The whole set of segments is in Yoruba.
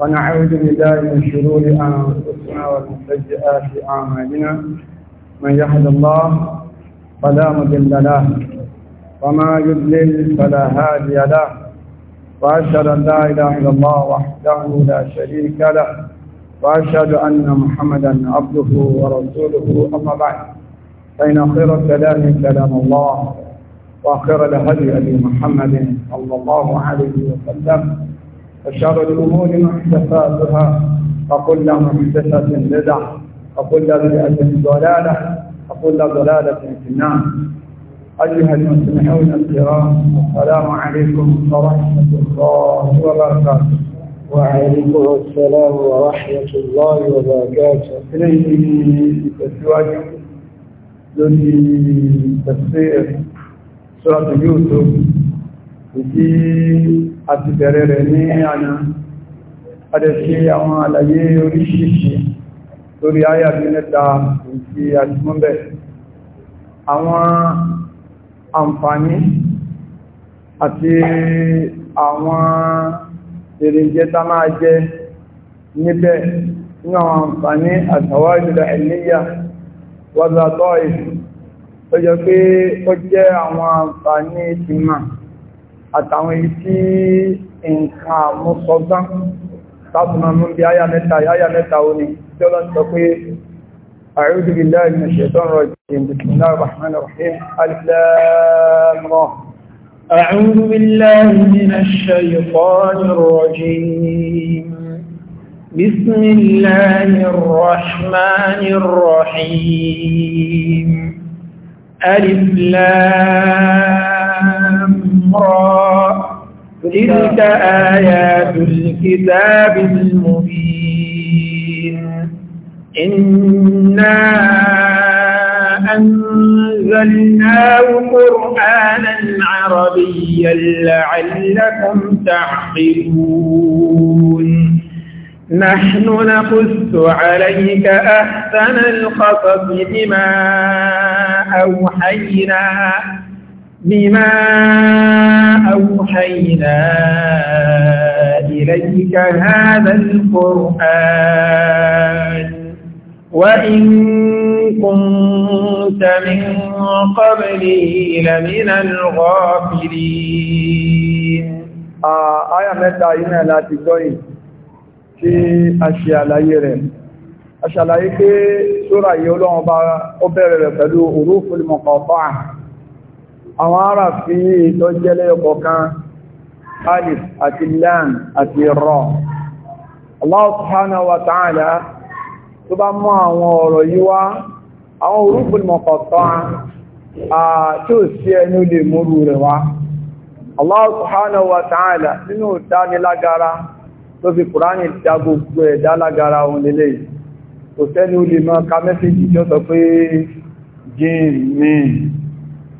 ونعوذ بالله من شرور أنفسنا ومن سيئات أعمالنا من يهد الله فلا مضل له وما يضلل فلا هادي له وأشهد أن لا إله إلا الله وحده لا شريك له وأشهد أن محمدا عبده ورسوله أما بعد فإن خير الكلام كلام الله وخير الهدي أبي محمد صلى الله عليه وسلم وشر الأمور محدثاتها وكل محدثة بدعة وكل بدعة ضلالة وكل ضلالة في النار أيها المستمعون الكرام السلام عليكم ورحمة الله وبركاته وعليكم السلام ورحمة الله وبركاته إليه تسواج لتفسير سورة يوسف في àti bẹ̀rẹ̀ rẹ̀ ní àná adẹ̀sí àwọn àlàyé oríṣìíṣìí lórí ayà bí mẹ́ta ìfì àjímọ́bẹ̀ àwọn àǹfààní àti àwọn èrìnjẹ́ tá máa jẹ níbẹ̀ ní àwọn àǹfààní àtàwájúdà ẹ̀lẹ́yà wọ́n tó jẹ́ pé ó jẹ́ àwọn àǹfààní ìtìmọ̀ àtàwọn èyí tí nǹkan àmúsọgbọ́n sábùnà mú bí áyà mẹ́ta áyà mẹ́ta ó ní tí ọlọ́n sọ pé a'udhu billahi minash shaitanir rajim bismillahir rahmanir rahim alif lam ra a'udhu billahi minash shaitanir rajim bismillahir rahmanir rahim alif lam أمرا تلك آيات الكتاب المبين إنا أنزلناه قرآنا عربيا لعلكم تعقلون نحن نقص عليك أحسن القصص بما أوحينا بما أوحينا إليك هذا القرآن وإن كنت من قبله لمن الغافلين آية متى هنا لا تدعي tí a ṣe àlàyé rẹ̀. A ṣàlàyé pé ṣúra yìí Ọlọ́run bá ó bẹ̀rẹ̀ rẹ̀ pẹ̀lú òrùfúlmọ̀kọ̀ọ̀bá àwọn ará fi tó jẹ́lẹ̀ ọkọ̀kan alif àti lam àti ra Allah wa tó bá mọ́ àwọn ọ̀rọ̀ yìí wá àwọn huruful tí ó lè Allah wa nínú kò sẹ́ni ó lè mẹ́sẹ̀jì sọ pé jíìn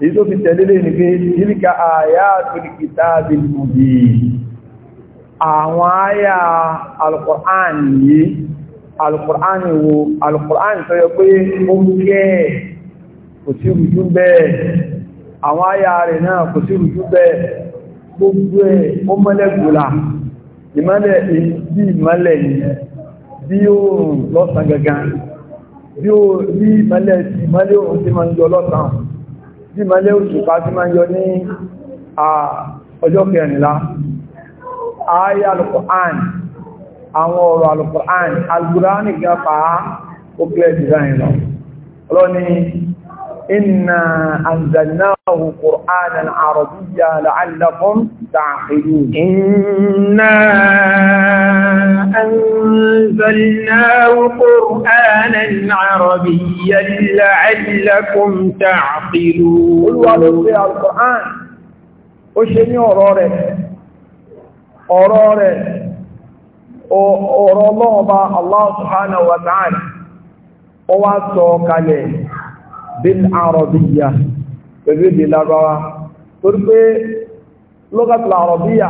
èyí tó fi tẹ̀lélé ní pé nílìkà àyà àtúrìkìtà àbìlùmùbì àwọn àyà alkùrán yìí alkùrán wo alkùrán tó yẹ pé ó ń kẹ́ kò sí rújú bẹ́ẹ̀ àwọn àyà rẹ̀ náà kò sí rújú bẹ́ẹ̀ gbogbo ẹ̀ ó mọ́lẹ̀ gbòlà ìmọ́lẹ̀ bí ìmọ́lẹ̀ yìí bí oòrùn lọ́sàn gangan bí ó bí ìmọ́lẹ̀ ìmọ́lẹ̀ oòrùn ti máa ń yọ lọ́sàn tí ma lé òṣùpá tí ma yọ ní ọjọ́ kẹrìnlá ayé alùkùrán àwọn ọ̀rọ̀ alùkùrán alùkùrán nìkan pa ókèlè design lọ ọlọ́ni inna anzalnahu qur'anan arabiyya la'allakum أنزلناه قرآنا عربيا لعلكم تعقلون والله يا القرآن وشني أوروري أوروري ọ̀rọ̀ ọlọ́ọ̀bá Allah subhanahu wa ta'ala ó wá sọ kalẹ̀ bil arabiyya pẹ̀lú èdè lágbára torí pé lọ́gàtàlá arabiyya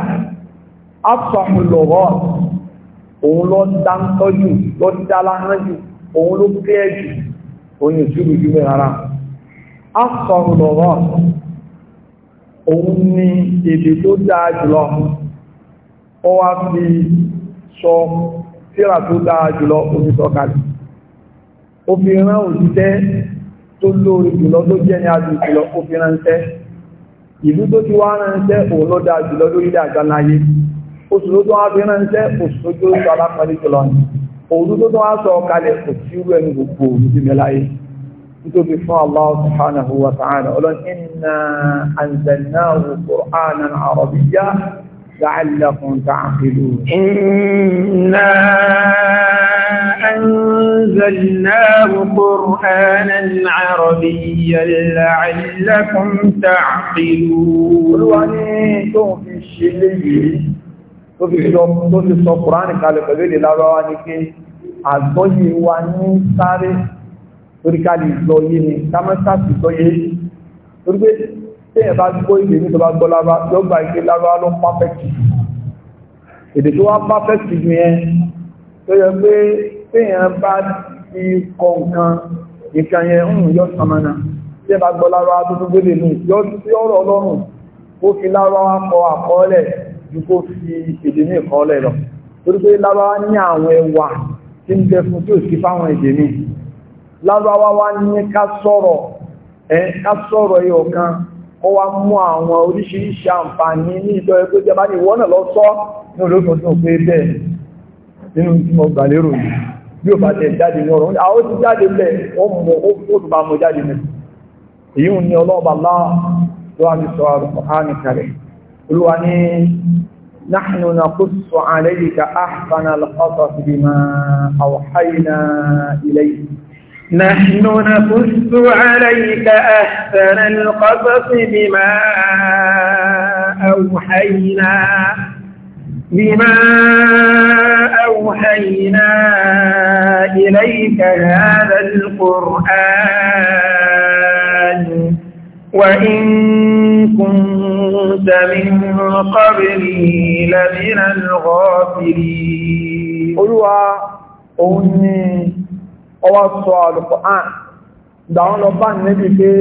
afsahul lughat òun ló ń dá ń tọ́jú ló ń dá láhán jù òun ló kẹ́ jù òun ní ìṣúlù jù mí rárá a sọ̀rọ̀ lọ́rọ̀ òun ní èdè tó dáa jùlọ ó wá fi sọ síra tó dáa jùlọ omi sọ̀kalẹ̀ ó fi rán òṣìṣẹ́ tó lóore jùlọ tó jẹ́ ní adùn jùlọ ó fi ránṣẹ́ ìlú tó ti wá ránṣẹ́ òun ló dáa jùlọ lórílẹ̀ àgbáláyé oṣù tó tó wá fi ránṣẹ́ oṣù tó tó sọ alápàdé jùlọ ni òun tó tó wá sọ kalẹ̀ kò sí irú ẹni gbogbo òun ti mẹ́lá nítorí fún Allah subhanahu wa ta'ala ọlọ́run inna anzalnahu qur'anan arabiyyan la'allakum ta'qilun inna anzalnahu qur'anan arabiyyan la'allakum ta'qilun olúwa ní tó fi ṣe léyìí tó fi sọ tó fi sọ kùránì kalẹ̀ pẹ̀lú èdè lárọ́wá ní pé àgbọ́yé wa ní sáré torí ká lè lọ yé ni ká mọ́ sáàtì sọ yé torí pé téèyàn bá gbọ́ èdè ní tó bá gbọ́ lára yóò gba ìgbé lára ló pàfẹ́kì èdè tó wá pàfẹ́kì ju yẹn tó yẹ pé téèyàn bá ti kọ nǹkan nǹkan yẹn ń yọ sàmánà téèyàn bá gbọ́ lára tó tó gbélé nù yọ sí ọ̀rọ̀ ọlọ́run ó fi lára wa kọ àkọọ́lẹ̀ ju kó fi èdè ní ìkọ́ lẹ̀ lọ torí pé lábáwá ní àwọn ẹwà tí ń bẹ fún tí ò sí fáwọn èdè mi lábáwá wá ní ká sọ̀rọ̀ ẹ ká sọ̀rọ̀ ẹ ọ̀kan ó wá mú àwọn oríṣiríṣi àǹfààní ní ìjọ ẹgbẹ́ jẹba ní ìwọ́nà lọ sọ ní olóòtú pé bẹ́ẹ̀ nínú tí mo gbà lérò yìí bí ó bá tẹ̀ jáde ní ọ̀rọ̀ àwọn ti jáde bẹ̀ ó mọ̀ ó tó bá mọ̀ jáde mẹ́ èyí ń ní ọlọ́ọ̀bà láà tó wà ní sọ àrùn ọ̀hánì olúwa ní nahnu naqussu alayka ahsana al-qasas bima awhayna نحن نقص عليك أحسن القصص بما أوحينا بما أوحينا إليك هذا القرآن وإن كنت كنت من قبله لمن الغافلين Olúwa òun ni ọwá sọ Al-Qur'an dáwọn lọ bá níbi pé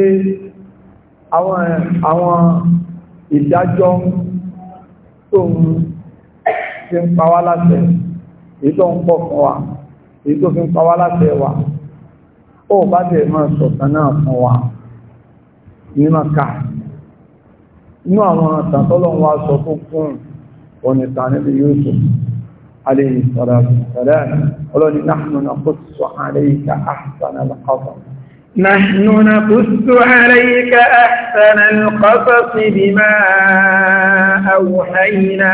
àwọn ìdájọ́ tó ń fi ń pa wá láṣẹ èyí tó ń pọ̀ fún wa èyí tó fi ń pa wá láṣẹ wa ó bá tẹ̀ máa sọ̀tàn náà fún wa ní Mákà inú àwọn àtàtọ́lọ́ wa sọ fún fún ọ̀nìta níbi Yusuf alayhi salatu salam ọlọ́ni nahnu naqussu alayka ahsana al-qasas نحن نقص عليك أحسن القصص بما أوحينا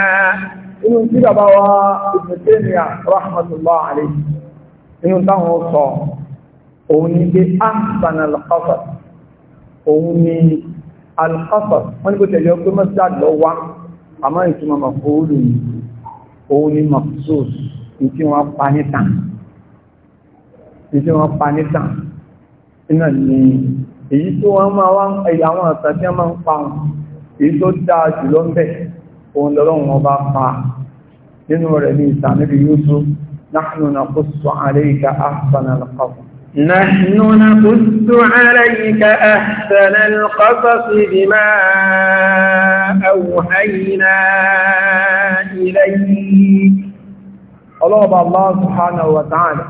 inú tí bàbá wa ìfẹ̀tẹ́nìyà rahmatullah alayhi inú táwọn sọ òun ni pé ahsana al-qasas òun ni alkọ́sọ̀ wọ́n ní kò tẹ̀lé ọgbẹ́ mọ́sílá wá àmọ́ ìtumọ̀ mọ̀fóòlù ni òun ni tí wọ́n pa tí wọ́n pa iná ni èyí tó wọ́n máa wá àwọn ọ̀sán tí wọ́n máa ń pa èyí tó dáa jùlọ ń bẹ̀ òun lọ́rọ̀ wọn bá pa nínú rẹ̀ ní نحن نقص عليك أحسن القصص بما أوحينا إليك ọlọ́ọ̀bà Allah subhanahu wa ta'ala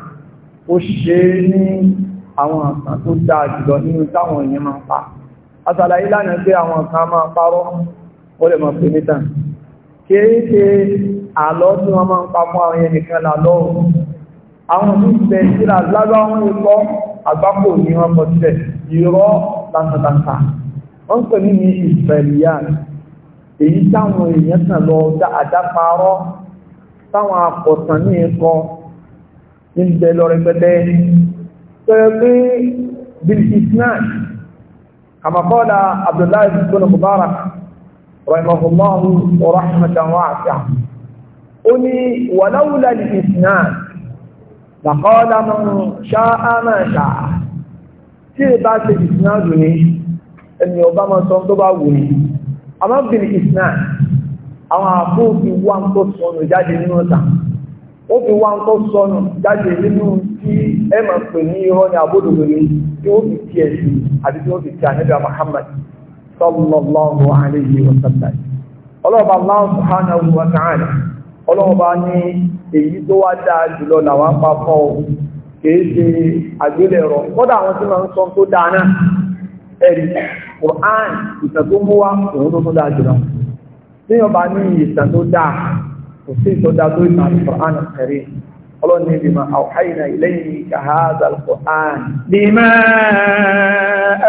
àwọn tó dáa jùlọ nínú táwọn èèyàn máa pa. Àtàlà ìlànà àwọn máa parọ́, ó lè máa pè Kéèké àlọ́ tí wọ́n máa ń pa fún àwọn ẹnìkan àwọn onígbẹ̀ síra lágbàwọn ikọ́ àgbákò ní wọ́n kọ sílẹ̀ ìrọ́ tàǹtàǹtà wọ́n pè ní ní èyí táwọn èèyàn lọ dá àdáparọ́ táwọn ní ikọ́ lọ rẹpẹtẹ pẹ̀lú pé abdullahi mubarak ó ní Bàkọ́ọ́lá mọ́ sha máa ṣáá. Tí ìbá ṣe ìsináàdù ni, ẹni ọba máa tó bá wù ní. Àmọ́ bìrì ìsináà, àwọn àfóòfin ń tó sọnù jáde nínú ọ̀tà. Ó fi wà ń tó sọnù jáde nínú tí ẹ máa pè ní ní tí ó fi tiẹ̀ sí àti tí ó fi tiẹ̀ níbi èyí tó wá dáa jùlọ làwọn apá fọ́ ọ kìí ṣe àgbélẹ̀rọ kọ́dà àwọn tí wọ́n ń sọ tó dáa náà ẹ̀rí Quran ìtàn tó mú wá òun tó tó dáa jùlọ tí yọba ní ìtàn tó dáa kò sí ìtàn dáa tó ìtàn àti Quran ẹ̀rí ọlọ́ni bima awhayna ilayka hadha al-Quran. bima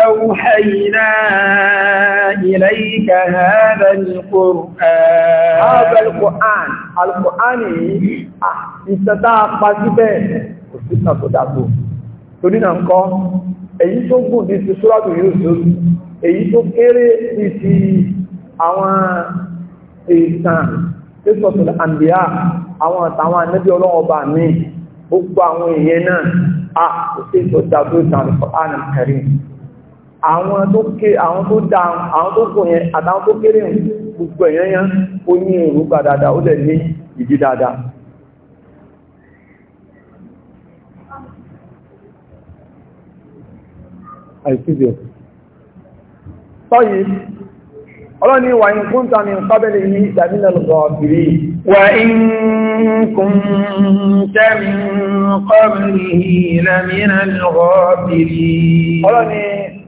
awhayna ilayka hadha al-Quran alùkùránì yìí ìṣẹ́ta pàṣípẹ́ kò sí sàtọ̀dàtò torí náà kọ́ èyí tó gùn ní ti sóràtù Yúsúf èyí tó kéré ní ti àwọn ìtàn tẹ́sọ̀tọ̀ àǹbíyà àwọn àtàwọn ànẹ́bí ọlọ́ọ̀bà mi gbogbo àwọn èèyàn náà à kò sí sọ̀dàtò ìtàn alùkùránì kẹrin àwọn tó ké àwọn tó dá àwọn tó kò yẹn àtàwọn tó kéré gbogbo èèyàn yán ó ní èrògbà ó lẹ̀ ní ìdí dada. àìsíbẹ̀ tọ́yí ọlọ́ni wà ní ìdàmínà wà ní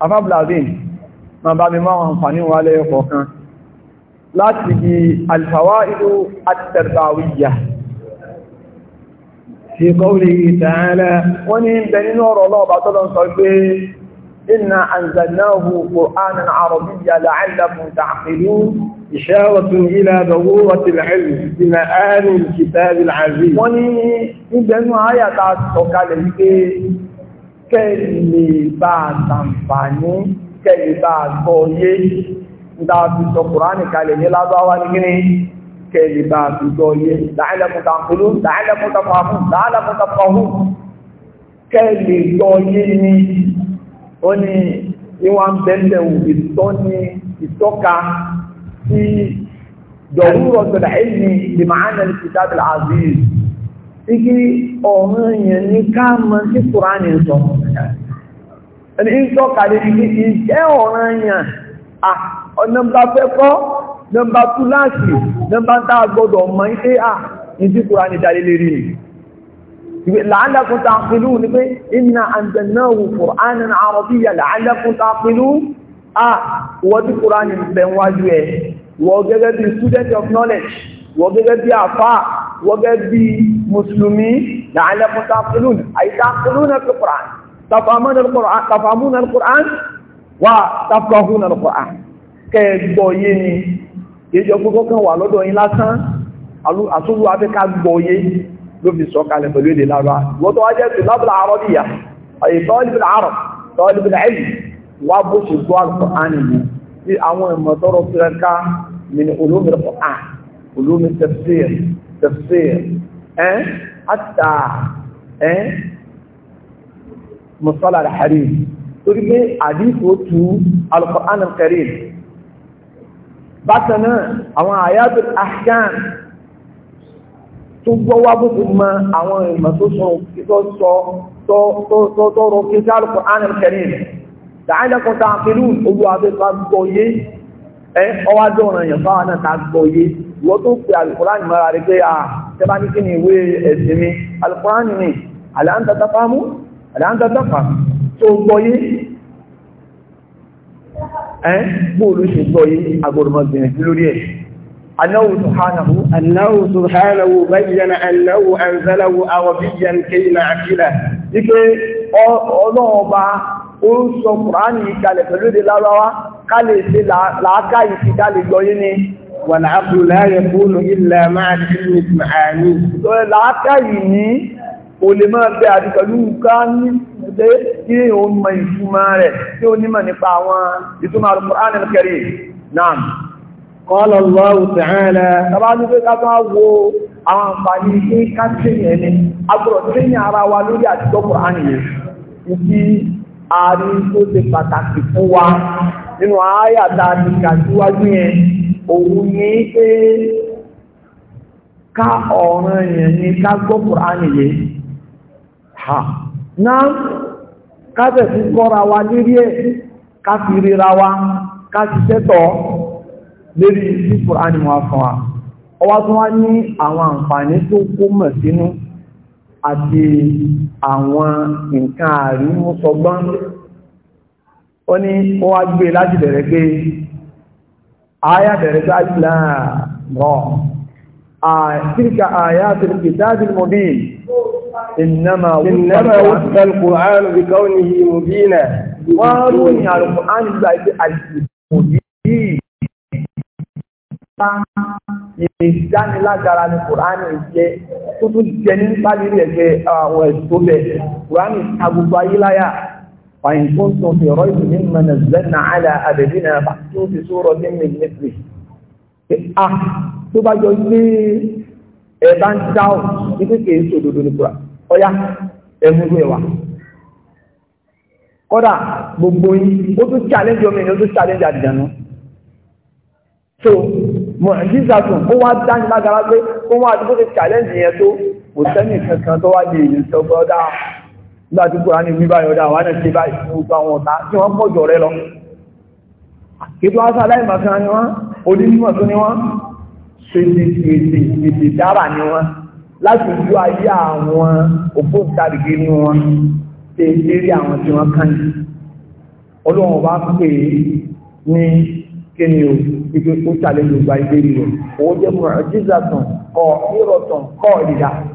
afábùlàbìn ma bá mi máa àǹfàní wà lẹ́yọ kọ̀ọ̀kan láti di alfawaidu at-tarbawiyya fi qawlihi ta'ala wọ́n ni bẹ nínú ọ̀rọ̀ ọlọ́ọ̀bá tọ́lọ́ sọ pé inna anzalnahu qur'anan arabiyya la'allakum ta'qilun إشارة إلى ضرورة العلم بمآل الكتاب العزيز. wọ́n ní ìgbẹ̀nú àyàtà sọ̀kalẹ̀ wípé kẹ́lì bá àtàǹfààní kẹ́lì bá àgbọ́ yé dáàbí sọ kùránì kalẹ̀ ní lábáwá ní gíní kẹ́lì bá àgbọ́ yé láìlẹ́mùtàkùlú láìlẹ́mùtàkùlú láìlẹ́mùtàkùlú kẹ́lì gbọ́ yé ni ó ní ìwọ̀n bẹ́ẹ̀lẹ̀ ìtọ́ni igi ọ̀ràn èèyàn ní káàmà sí kùránì sọ ẹni ìjọ kàrí igi ìjẹ́ ọ̀ràn èèyàn ọ̀nàmbà fẹ́kọ́ nọmbà tú láti nọmbà tá a gbọdọ̀ mọ̀ ní pé à ní tí kùránì dalé rí la'allakum ta'qilun ní pé inna anzalnahu qur'anan arabiyyan la'allakum ta'qilun à wọ́n tí kùránì bẹ̀ wájú ẹ̀ wọ́n gẹ́gẹ́ bí student of knowledge wọ́n gẹ́gẹ́ bí àfá wọ́n gẹ́gẹ́ bí mùsùlùmí la'allakum taqilun ay taqiluna al-Qur'an tafhamuna al-Qur'an tafhamuna al-Qur'an wa tafqahuna al-Qur'an kẹ́gbọ́ yé ni ìjọ gbogbo kan wà lọ́dọ̀ yín lásán àtúrú afẹ́ká gbọ́ yé ló fi sọ kalẹ̀ pẹ̀lú èdè lára wọ́n tó wájẹ́ tó علوم التفسير تفسير أه؟ حتى أه؟ مصطلح الحديث تربي حديث وتو القرآن الكريم باتنا أو آيات الأحكام tó gbọ́ wá bókù mọ àwọn ìmọ̀ tó sọ tó rọ kí sáàlùkù ánìkẹrìn rẹ̀ dáadẹ́kùn tààkìlú olùwàbẹ́ta gbọ́ yé ẹ ọwá dọ̀ràn èèyàn fáwọn náà ta gbọ́ yé ìwọ tó pe alùkùránì mọ́ra rí pé à ah, tẹ́bá ní kí ni ìwé ẹ̀sìn mi alùkùránì ni àlàáńtàtàfà mú àlàáńtàtàfà tó gbọ́ yé ẹ bóòlù ṣe gbọ́ yé agbọ̀rọ̀mọ̀gbìnrin lórí ẹ̀ أنه سبحانه أنه ká lè ṣe làákà ìfi ká lè gbọ́ yín ni wàlàáfù láàrẹ fóònù ilẹ̀ máa ní ìlú àmì làákà yìí ní o lè máa bẹ àdìkọ̀lú ká ní ṣe kí o mọ ìfúnmọ́ rẹ̀ tí ó nímọ̀ nípa àwọn ìtumọ̀ al قال الله تعالى tàbá ní pé káàkiri wo àwọn àǹfààní ní káàkiri ẹni agbọ̀rọ̀ tí ní ààrin tó ṣe pàtàkì fún wa nínú àáyà tá a yẹn òun ní pé ká ọ̀ràn yẹn ní ká ha náà káfẹ̀ fún kọ́ra wa lérí ẹ̀ ká fi ríra wa ká ti tẹ́tọ̀ lérí fún wa ọwá tó wá ní àwọn àǹfààní tó kó mọ̀ sínú àti àwọn nǹkan ó ní wọ́n wá gbé láti bẹ̀rẹ̀ pé àyà bẹ̀rẹ̀ pé àìsìláàmọ́ àtíríkà àyà àtíríkì dájú mọ̀bí ìnàmà wùsùkà al-Qur'an bí kawnihi mubina wọ́n ròyìn al-Qur'an gbà ìgbé ìdánilágara ni kùránì jẹ́ tó tún jẹ ní pálí rẹ̀ jẹ́ àwọn ẹ̀sọ́ bẹ̀ kùránì agbogbo ayé láyà وإن كنتم في ريب مما نزلنا على عبدنا فأتوا بسورة من مثله ah tó bá jọ pé ẹ bá ń dá ọ wípé kìí ṣòdodo ní kura ọyá ẹmúrú ẹwà kódà gbogbo yìí ó tún challenge ọmọ ènìyàn ó tún challenge àdìjànú so mo jesus ó wá dání lágara pé ó wá àdúgbò ti challenge yẹn tó kò sẹ́ni kankan tó wá di èyí sọ gbọ́dá nígbà tí kòrò ní wíbáyọ̀ dá wà náà ṣe báyìí gbogbo àwọn ọ̀tá tí wọ́n pọ̀ jọ rẹ lọ. ètò aṣọ aláìmọ̀kan ni wọ́n onímọ̀ tó ni wọ́n ṣèṣì ṣèṣì ṣèṣì dára ni wọ́n láti ju ayé àwọn ògbóǹtarìgì inú wọn ṣe eré àwọn tí wọ́n kàn yìí. ọlọ́run bá pè é ní kíni o ìgbé kó ṣàlejò gba ìbéèrè rẹ̀ òun jẹ́ mọ̀ ọ́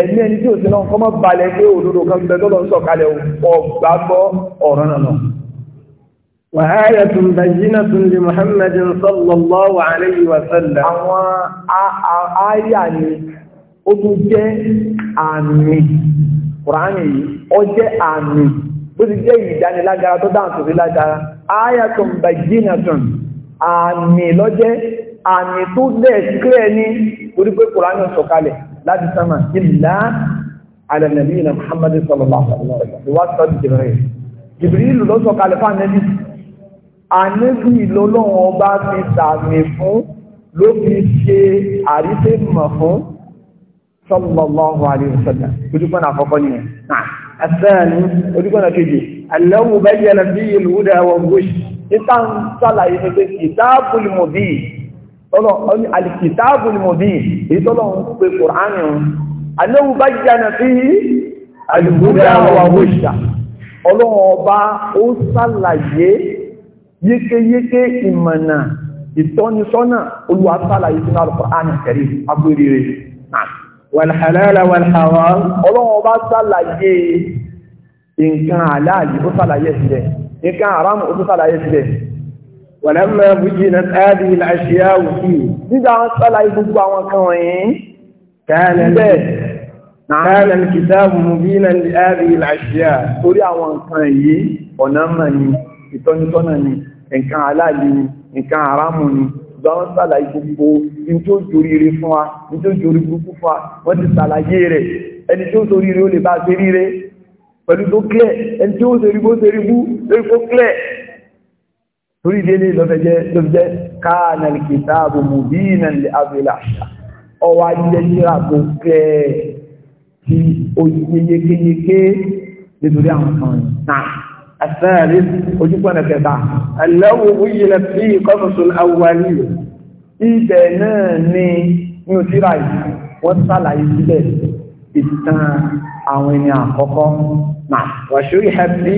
ẹ̀mí ẹni tí ò sí náà kọ́mọ́ balẹ̀ pé òdodo kan gbẹ tọ́lọ ń sọ̀kalẹ̀ ọgbàgbọ́ ọ̀rọ̀ náà wàhálà tún bàjínà tún lè sallallahu alayhi wa sallam àwọn àyà ni ó tún jẹ́ àmì loje láti sánmà ìlà alẹ́nàbí ìlà muhammadu sallallahu alaihi wa sallam wá sọ́dọ̀ jibril jibril ló sọ kalẹ̀ fún anẹ́bí anẹ́bí lọ́lọ́wọ́ bá fi sàmì fún ló fi ṣe àrífẹ́ mọ̀ fún sallallahu alaihi wa sallam ojúkọ́nà àkọ́kọ́ nìyẹn náà الثاني وديكونا كيجي الله بين كتاب المبين tọ́lọ̀ ọ̀ní alìkìtàbù ni mo bí ìtọ́lọ̀ ń pe kòránì ọ̀hún aléwu bá jẹ́nà sí alìkúdà wà wòṣà ọlọ́run ọba ó sàlàyé yékéyéké ìmọ̀nà ìtọ́nisọ́nà olúwa sàlàyé sínú alìkòránì kẹrì agbérire wàlhàlálà wàlhàwà ọlọ́run ọba sàlàyé nǹkan àláàlì ó sàlàyé sílẹ̀ nǹkan àrámù ó sàlàyé sílẹ̀ wàlámà bùjì náà táàdì ìlàṣíyá òkì nígbà wọn sọ́lá gbogbo àwọn kan wọ̀nyí kàánà bẹ́ẹ̀ kàánà kìtàbù mùbí náà táàdì ìlàṣíyá torí àwọn nǹkan yìí ọ̀nà mà ní ìtọ́nitọ́nà ní nǹkan aláàlì ní nǹkan àrámù ní gbọ́n sàlàyé gbogbo ní tó jòrìrì fún wa ní tó jòrì gbogbo fún wa wọ́n ti sàlàyé rẹ̀ ẹni torí délé lọ́fẹ́jẹ́ káàlì kìtàbù mùbínà lè abúláṣà ọwá jẹ́ síra tó kẹ́ tí ó yéyékéyéké nítorí àwọn kan náà àtẹ́rẹ́ ojúpọ̀nà kẹta aláwò wíyílẹ̀ sí ìkọ́sọ̀sọ̀ awwali ibẹ̀ náà ni ní òtíra yìí wọ́n sàlàyé síbẹ̀ àwọn ènìyàn àkọ́kọ́ náà wàṣúrí hàbí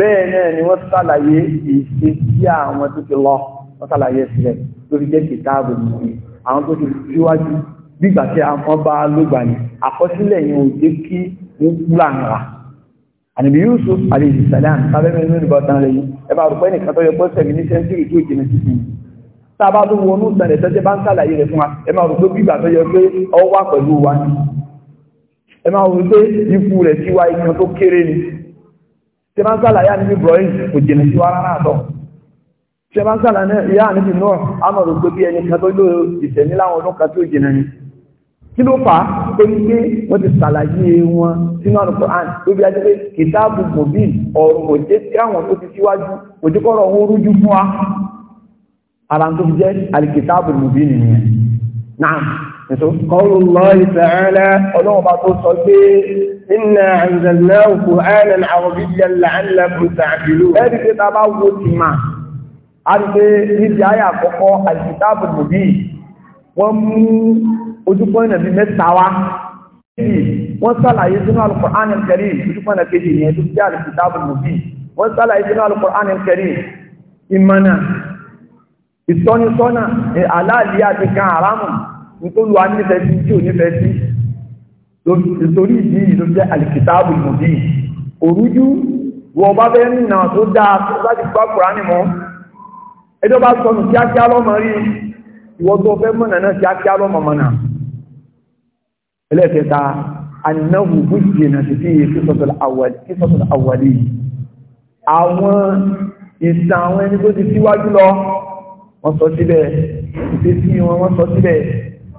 bẹ́ẹ̀ náà ni wọ́n sàlàyé èsì sí àwọn tó ti lọ wọ́n sàlàyé sílẹ̀ lórí jẹ́ kìtàbù nìyí àwọn tó ti síwájú gbígbà tí àwọn bá lógbà ní àkọsílẹ̀ yẹn ò jẹ́ kí wọ́n kú làǹrà àníbi Yusuf alayhi salam sábẹ́mi nínú ìbọn tán lẹ́yìn ẹ bá rò pé nìkan tó yẹ kó sẹ̀mí ní sẹ́ńtírì tó jìnnà sí sí bá tó wọnú ẹ tí bá ń sàlà yá níbi Ibrahim kò jìnà sí wàrà náà tọ̀ tí bá ń sàlà yá níbi náà amọ̀rò pé bí ẹni kan tó ló ìṣẹ̀ní láwọn ọdún kan tó jìnà ni kí ló fà á tó ní pé wọ́n ti sàlàyé wọn sínú àrùkọ àn tó bí ajẹ́ pé kìtáàbù mòbí ọ̀rọ̀ òjé tí àwọn tó ti síwájú òjúkọ́rọ̀ wọn rújú fún wa ara tó fi jẹ́ alìkìtáàbù قول الله تعالى ولو بطل إنا أنزلناه قرآنا عربيا لعلكم تعقلون هذه كتابة وتما àti níbi ayé àkọ́kọ́ àìsìtáàbù mòbí wọ́n mú ojúkọ́ ìnà bí mẹ́ta wá wọ́n sàlàyé sínú Al-Qur'an Al-Karim ojúkọ́ ìnà kejì ní ẹ̀dùn jẹ́ àìsìtáàbù mòbí wọ́n sàlàyé sínú Al-Qur'an Al-Karim ìmọ̀nà ìtọ́nisọ́nà àláàlì àti kan àrámù nítorí wa nífẹ̀ẹ́ sí tí ò nífẹ̀ẹ́ sí torí ìdí yìí ló jẹ́ alìkìtàbù ìmùdí òrújú wọ ọba bẹ́ nìna tó dáa tó láti gbá kùránì mọ́ ẹjọ́ bá sọnù kíákíá lọ́mọ rí ìwọ tó fẹ́ mọ̀nà náà kíákíá lọ́mọ mọ̀nà ẹlẹ́ẹ̀kẹta anáwó bùjì náà ti fi kísọ̀tọ̀lá àwàlì àwọn ìtàn àwọn ẹni tó ti síwájú lọ wọ́n sọ síbẹ̀ ìfésí wọn wọ́n sọ síbẹ̀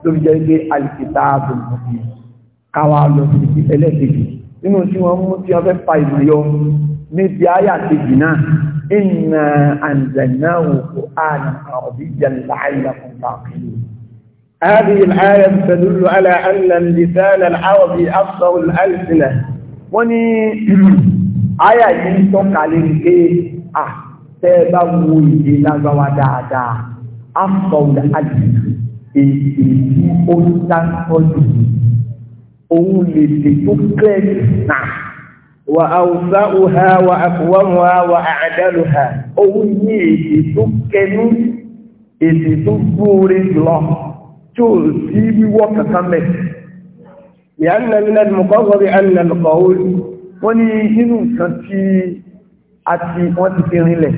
lórí jẹ́ pé alìkìtà ààbò káwa lọ sí ẹlẹ́kejì nínú tí wọ́n mú tí wọ́n fẹ́ fa ìmọ̀ níbi àyà kejì náà inna anzalnahu qur'anan arabiyyan la'allakum ta'qilun هذه الآية تدل على أن اللسان العربي أفضل الألسنة وني آية ينتق عليك أحسب ويجي أفضل الألسنة èdè tí ó dákọ́ jù òun lè dè tó kẹ́ẹ̀lì náà wà àwùsá òhà wà àfọwọ́mùhà wà àdálùhà òun ní èdè tó kẹnu èdè tó gbóore lọ tí ó sí wíwọ́ kankan mẹ́ ìyáńnà nílẹ̀ mọ̀kọ́sọ̀rí ànà lọ́kọ̀ orí wọ́n ní inú nǹkan tí a ti wọ́n ti fi rinlẹ̀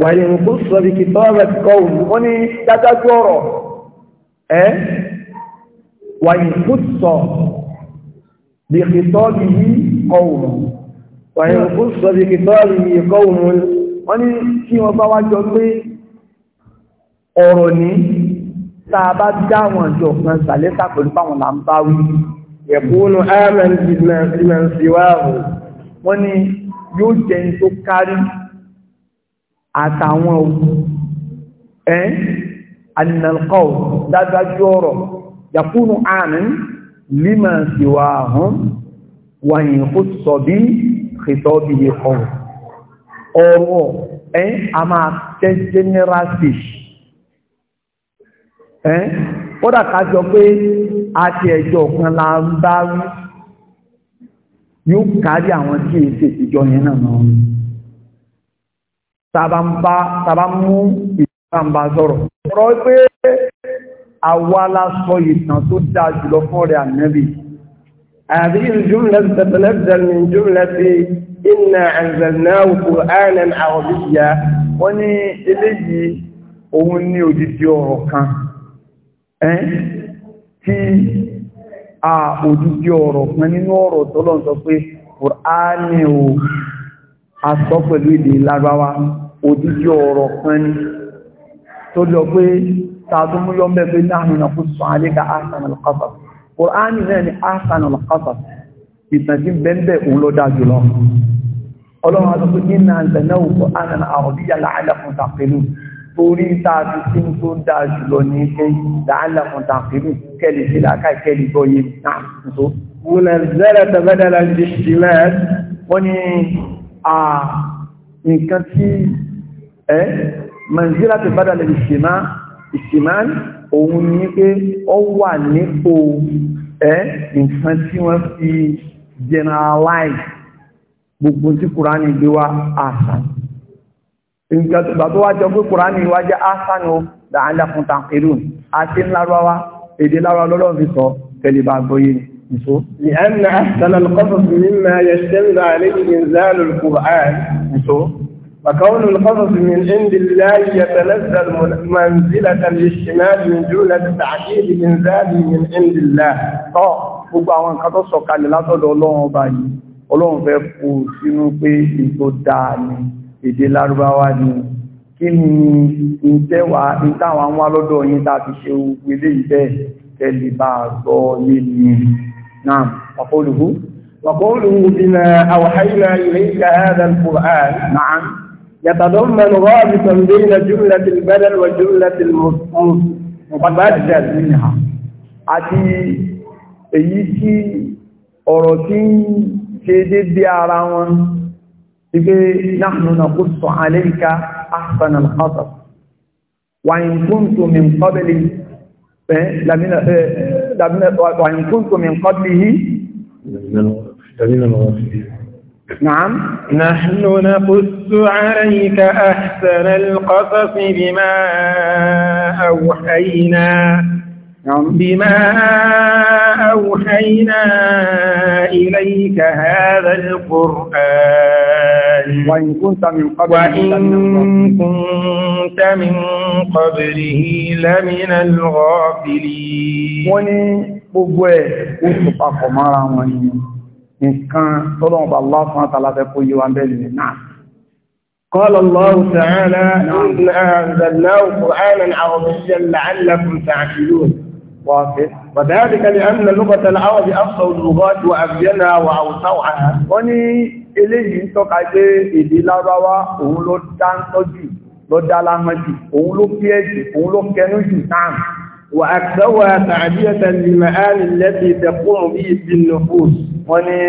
wà ní nǹkan kìtọ́ rẹ̀ kọ́ òun wọ́n ní dájájú ọ̀rọ̀ ẹ́ wà ìfúsọ̀ bí kìtọ́ bí i kọ̀wùn wà ìfúsọ̀ bí kìtọ́ bí i kọ̀wùn wọ́n ní kí wọ́n bá wájọ pé ọ̀rọ̀ ní tàbá dáwọn àjọ kan sàlẹ́sà pẹ̀lú báwọn là ń bá wí ẹ̀kúnnù ẹ́mẹ́n ìmẹ̀n annalqaw dájú ọ̀rọ̀ yakunu amin lima siwahum wa in khussa bi khitabihi qawl ọ̀rọ̀ ẹ́ a máa tẹ́ general speech ẹ́ kódà kájọ pé a ti ẹjọ́ kan la ń bá rí yóò kárí àwọn tí è ṣe ìjọ yẹn náà náà tàbá mú ìjọba ń bá sọ̀rọ̀ ọ̀rọ̀ pé àwa la sọ ìtàn tó dáa jùlọ fún rẹ̀ ànẹ́bì àbí ìjúmlẹ̀ tẹ̀tẹ̀lẹ́tẹ̀ ní ìjúmlẹ̀ tí inna anzalnahu qur'anan arabiyya wọ́n ní eléyìí òun ní òdìdí ọ̀rọ̀ kan tí a òdìdí ọ̀rọ̀ kan nínú ọ̀rọ̀ tọ́lọ̀ sọ pé qur'ani o a sọ pẹ̀lú èdè Lárúbáwá òdìdí kan tó lọ pé tààtúmú yọ mẹ́fẹ́ láàrin náà fún sọ àríkà asan al-qasas Kùránì náà ni asan al-qasas ìtàjí bẹ́ẹ̀bẹ̀ òun ló dá jùlọ ọlọ́run àti pé iná ìtẹ̀náwó Kùránì àrọ̀bíyà la'allakum taqilun torí tààtú tí tó dá jùlọ ní ṣe la'allakum wọ́n ni nǹkan tí ẹ́ manzila ti bada lè ìṣìmá ìṣìmá òun ní pé ọ wà nípò ẹ́ nǹkan tí wọ́n fi generalize gbogbo tí kùránì gbé wá àṣà nǹkan tó bá tó wájọ pé kùránì wá jẹ́ àṣà ní dáadáfún tàkìrù àti ńlárọ́wá èdè lárọ́ lọ́lọ́ fi sọ tẹ́lẹ̀ bá gbóyé لأن أحسن القصص مما يشتمل عليه إنزال القرآن فكون القصص من عند الله يتنزل منزلة للشمال من دون التعجيل من ذلك من عند الله tọ́ gbogbo àwọn nǹkan tó sọ̀kalẹ̀ látọ̀dọ̀ ọlọ́run ọba yìí ọlọ́run fẹ́ kó sínú pé ètò dáa ni èdè lárúbáwá ni kí ni ìtẹ́wà ìtàwọn àwọn alọ́dọ̀ yìí ta fi ṣe ogun ilé ìbẹ́ tẹ́lẹ̀ bá gbọ́ nínú náà ọ̀pọ̀ olùkú وقوله بما أوحينا إليك هذا القرآن نعم يتضمن رابطا بين جملة البدل وجملة المبدل منها àti èyí tí ọ̀rọ̀ tí ń ṣe dédé ara wọn ipé nahnu naqussu alayka ahsana al-qasas wa in kuntum min qabli eh, lamina eh, lamina wa in kuntum min qablihi lamina al-ghafilin نعم نحن نقص عليك أحسن القصص بما أوحينا نعم. بما أوحينا إليك هذا القرآن وإن كنت من قبله وإن كنت من قبله لمن الغافلين wọ́n ní gbogbo ẹ̀ ó tún papọ̀ mọ́ra wọn ni gbogbo e nǹkan tọ́lọ́wọ́ bá Allah fún àtàlàfẹ́ kó yíwa bẹ́ẹ̀lẹ̀ náà قال الله تعالى إنا أنزلناه قرآنا عربيا لعلكم تعقلون وذلك لأن لغة العرب أفصل اللغات وأبينها وأوسعها wọ́n ní eléyìí ń tọ́ka pé èdè Lárúbáwá òun ló dáńtọ́ jù ló dá lámọ́ jù òun ló kẹ́ẹ̀jù òun وأكثرها تعدية للمعاني التي تقوم به بالنفوس wọ́n ní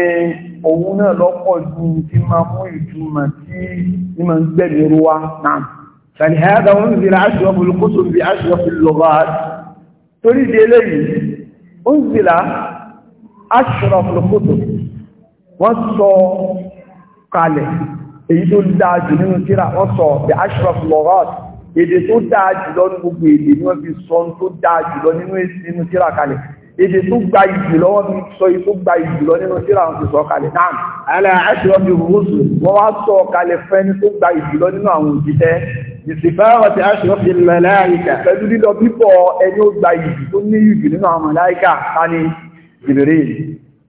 òun náà lọ́pọ̀ ju tí máa mú ìtumọ̀ tí ní máa ń gbẹ̀mí ruwa náà فلهذا أنزل أشرف الكتب بأشرف اللغات torí أنزل أشرف الكتب wọ́n sọ kalẹ̀ èyí tó dáa jù nínú tírà wọ́n èdè tó dáa jùlọ ní gbogbo èdè ni wọ́n fi sọ tó dáa jùlọ nínú inú tíra kalẹ̀ èdè tó gba ìjùlọ wọ́n fi sọ ìtó gba ìjùlọ nínú tíra wọn fi sọ kalẹ̀ náà alẹ́ àṣírọ́ bí rúrúsù wọ́n wá sọ kalẹ̀ fẹ́ni tó gba ìjùlọ nínú àwọn òjíṣẹ́ ìsìfẹ́rọ̀ ti àṣírọ́ bí màláíkà pẹ̀lú lílọ bíbọ̀ ẹni ó gba ìjù tó ní ìjù nínú àwọn màláíkà tani Jibril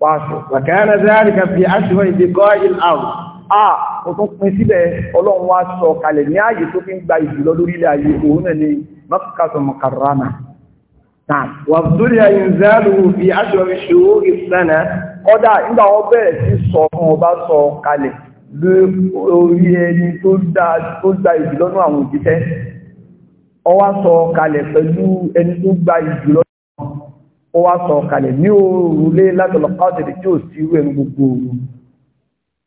wáṣọ wàkẹ́rẹ́ a o tún pin síbẹ̀ ọlọ́run wá sọ kalẹ̀ ní ààyè tó fi ń gba ìjùlọ lórí ilẹ̀ ayé òun ni mọ́kàtọ̀ mọ̀kàránà wàbdúríà ìzáàlù fi aṣọ́rin ṣòro ìsànà kọ́dá nígbà wọ́n bẹ̀rẹ̀ sí sọ fún ọba sọ kalẹ̀ lórí ẹni tó gba ìjùlọ́nú àwọn òjíṣẹ́ ọwá sọ kalẹ̀ pẹ̀lú ẹni tó gba ìjùlọ́nú ọwá sọ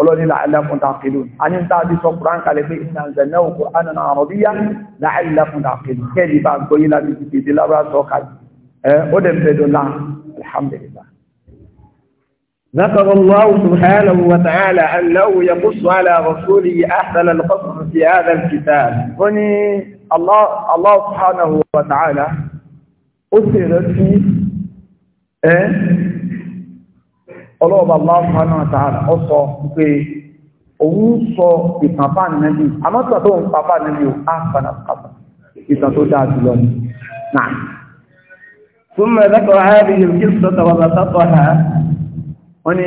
ọlọ́ni la'allakum taqilun a ní tàbí sọ kùrán kalẹ̀ pé inna anzalnahu qur'anan arabiyyan la'allakum taqilun kẹ́lì bá gbóyí láti ti fi lábá sọ kàjì ó dẹ̀ bẹ̀dọ̀ lá alhamdulillah ذكر الله سبحانه وتعالى أنه يقص على رسوله أحسن القصص في هذا الكتاب وني الله الله سبحانه وتعالى أسر في ọlọ́ọ̀bà bá fánà tààrà ọ ثم ذكر هذه القصة وبسطها wọ́n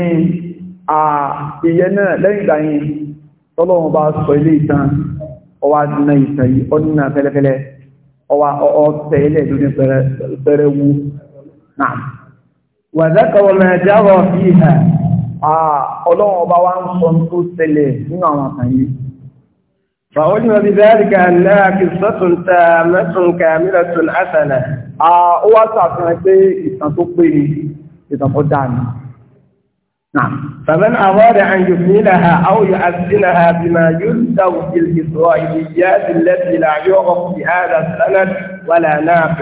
wàzákà wọn máa jáwọ́ bí ìhà ọlọ́run ọba wa ń sọ tó ṣẹlẹ̀ nínú àwọn àkànyé fàwọ́lì wọn bí dáríkà náà kì sọ́tún ta mẹ́tún kàmílà tún àṣàlẹ̀ ó wá sàfihàn pé ìtàn tó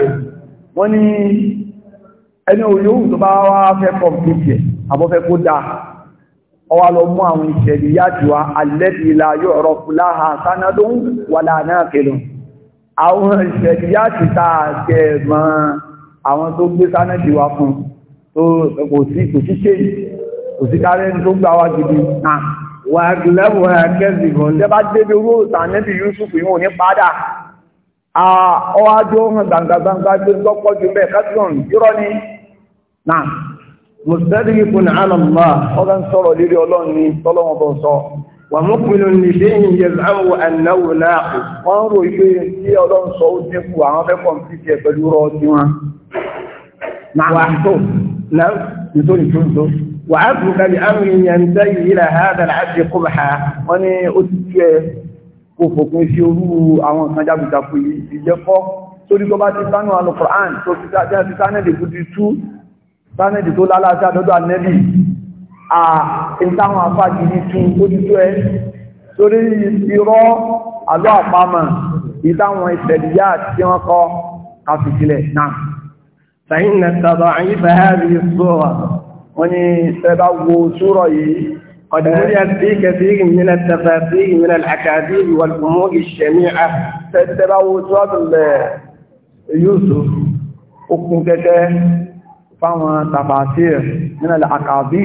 pé ni ẹni òyòwù tó bá wá fẹ́ kọ̀mpútì ẹ̀ àbọ́fẹ́ kó dáa ọwá lọ mú àwọn ìṣẹ̀lì yájúwá alẹ́dìlá yóò rọ fúláhà sánádún wà láàánáà kìlùn àwọn ìṣẹ̀lì yájúta kẹmọ àwọn tó gbé sánádìwá fún tó kò sí kò sí ṣe kò sí kárẹ́ tó gbà wá gidi wà gílẹ́bù ẹ̀kẹ́sì kan tẹ́ bá jù bẹ́ẹ̀ kásìlọ̀n yúrọ́ ni náà mùsùlùmí ìpùn àlọ́mà ọba ń sọ̀rọ̀ lérí ọlọ́run ní tọ́lọ́wọ́n bọ̀ sọ wà mọ́kùnrin ní ṣe ń yẹ láwọ ànáwò náà wọ́n rò ìgbé tí ọlọ́run sọ ó dínkù àwọn fẹ́ kọ̀m̀pútì ẹ̀ pẹ̀lú rọ tí wọ́n wà tó náà nítorí tó ń tó wà á tún kàlí sánẹ́dì tó lálàáṣá lọ́dọ̀ ànẹ́bì à ìtàwọn àfáàjì ní tún ojútú ẹ torí irọ́ àlọ́ àpamọ̀ ìtàwọn ìṣẹ̀lìyà tí wọ́n kọ́ kàfìsílẹ̀ náà sàyìn na sàbà àyífẹ́ hàbí sọ́wà wọ́n ni sẹ́bà كثير من التفاسير من الأكاذيب والأمور الشنيعة تتبعوا سورة يوسف أكون fáwọn tafasir nínú àkàbí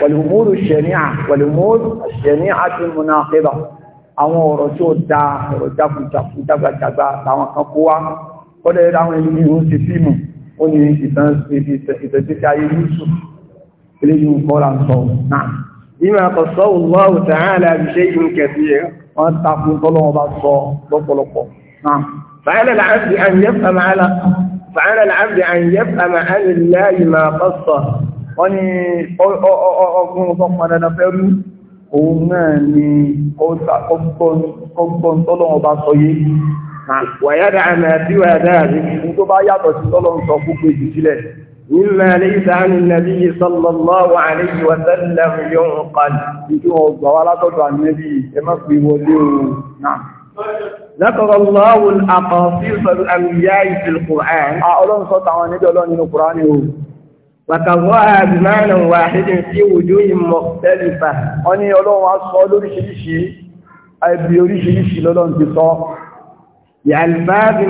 wàlùmúrù ṣẹ̀níà wàlùmúrù ṣẹ̀níà tí múná pẹ́bà àwọn ọ̀rọ̀ tí ó dá ọ̀rọ̀ jákùjákùn jágbàjágbà àwọn kan kó wá kọ́lẹ̀ àwọn ẹni ó ti fíìmù ó ní ìtẹ̀síkà yíṣù ilé yìí ń kọ́ra sọ náà ìmọ̀ àkọ̀sọ́ Allahu ta'ala bi shay'in kathir wọ́n takùn tọ́lọ́wọ́ bá sọ lọ́pọ̀lọpọ̀ náà fàárẹ̀ làbẹ̀ àyẹ̀ fàmà àlìlá ìmọ̀ àpọ̀sọ̀ wọ́n ní ọgbọ́n ọgbọ́n padà fẹ́rú òun náà ni ọgbọ́n tọ́lọ́wọ́ bá sọ yé wàyádà àmì àti wàyádà àti tó bá yàtọ̀ sí tọ́lọ́wọ́ sọ gbogbo èjì sílẹ̀ nílẹ̀ aléìsà ní nàbí sallallahu alayhi wa sallam yóò ń pa ní kí wọ́n gbà wá látọ̀dọ̀ ànẹ́bí ẹ má fi wọlé o náà ذكر الله الأقاصيص الأنبياء في القرآن أعلم صوت عن جلال من القرآن وكررها بمعنى واحد في وجوه مختلفة أني يلوم أصول رشيشي أي بيورشيشي لولون تصاب بألفاظ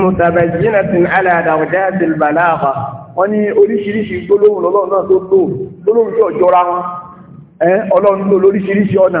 متبينة على درجات البلاغة wọ́n ní oríṣiríṣi gbólóhùn lọ́lọ́run náà tó tó gbólóhùn tí ọjọ́ra wọn ẹ́ ọlọ́run ló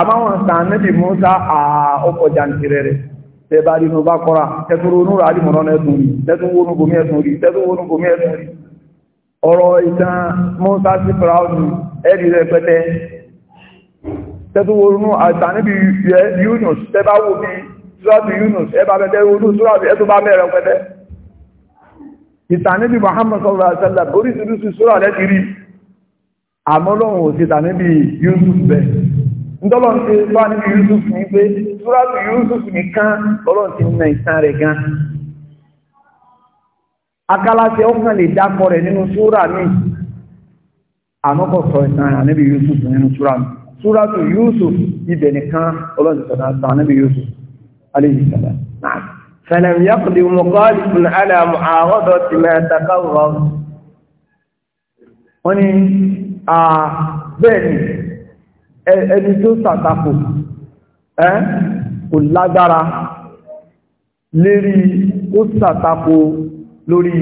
àbáwọn sàánẹ́bì Musa àọkọ̀ jàǹtìrẹ rẹ̀ tẹba rínú bá kọ́ra tẹ́tùrú onúrà alìmọ̀rán ẹ̀sùn rí tẹ́tùn wónú gomi ẹ̀sùn rí tẹ́tùn wónú gomi ẹ̀sùn rí ọ̀rọ̀ ìtàn Musa sí fìràúnù ẹ̀rì rẹ̀ pẹ́tẹ́ tẹ́tùn wónú Yunus tẹ́bá wò bí sùràtù Yunus ẹbá pẹ́tẹ́ wónú sùràtù ẹ̀tù bá mẹ́rẹ̀ pẹ́tẹ́ ìtànẹ́bì Muhammad sallallahu alaihi wasallam oríṣiríṣi sùràtù àmọ́lọ́run ò sí ìtànẹ́bì Yunus bẹ́ẹ̀ ńdọ́lọ́n ti bá ní Yusuf ní pé túrátù Yusuf nìkan lọ́lọ́n ti nà ìtàn rẹ̀ gan akálàṣẹ ọkàn lè dákọ rẹ̀ nínú súrà ní àmọ́kọ̀ sọ ìtàn rẹ̀ níbi nínú súrà ní súrátù Yusuf Yusuf ẹni tó sàtakò ẹ́ kò lágbára lérí ó sàtakò lórí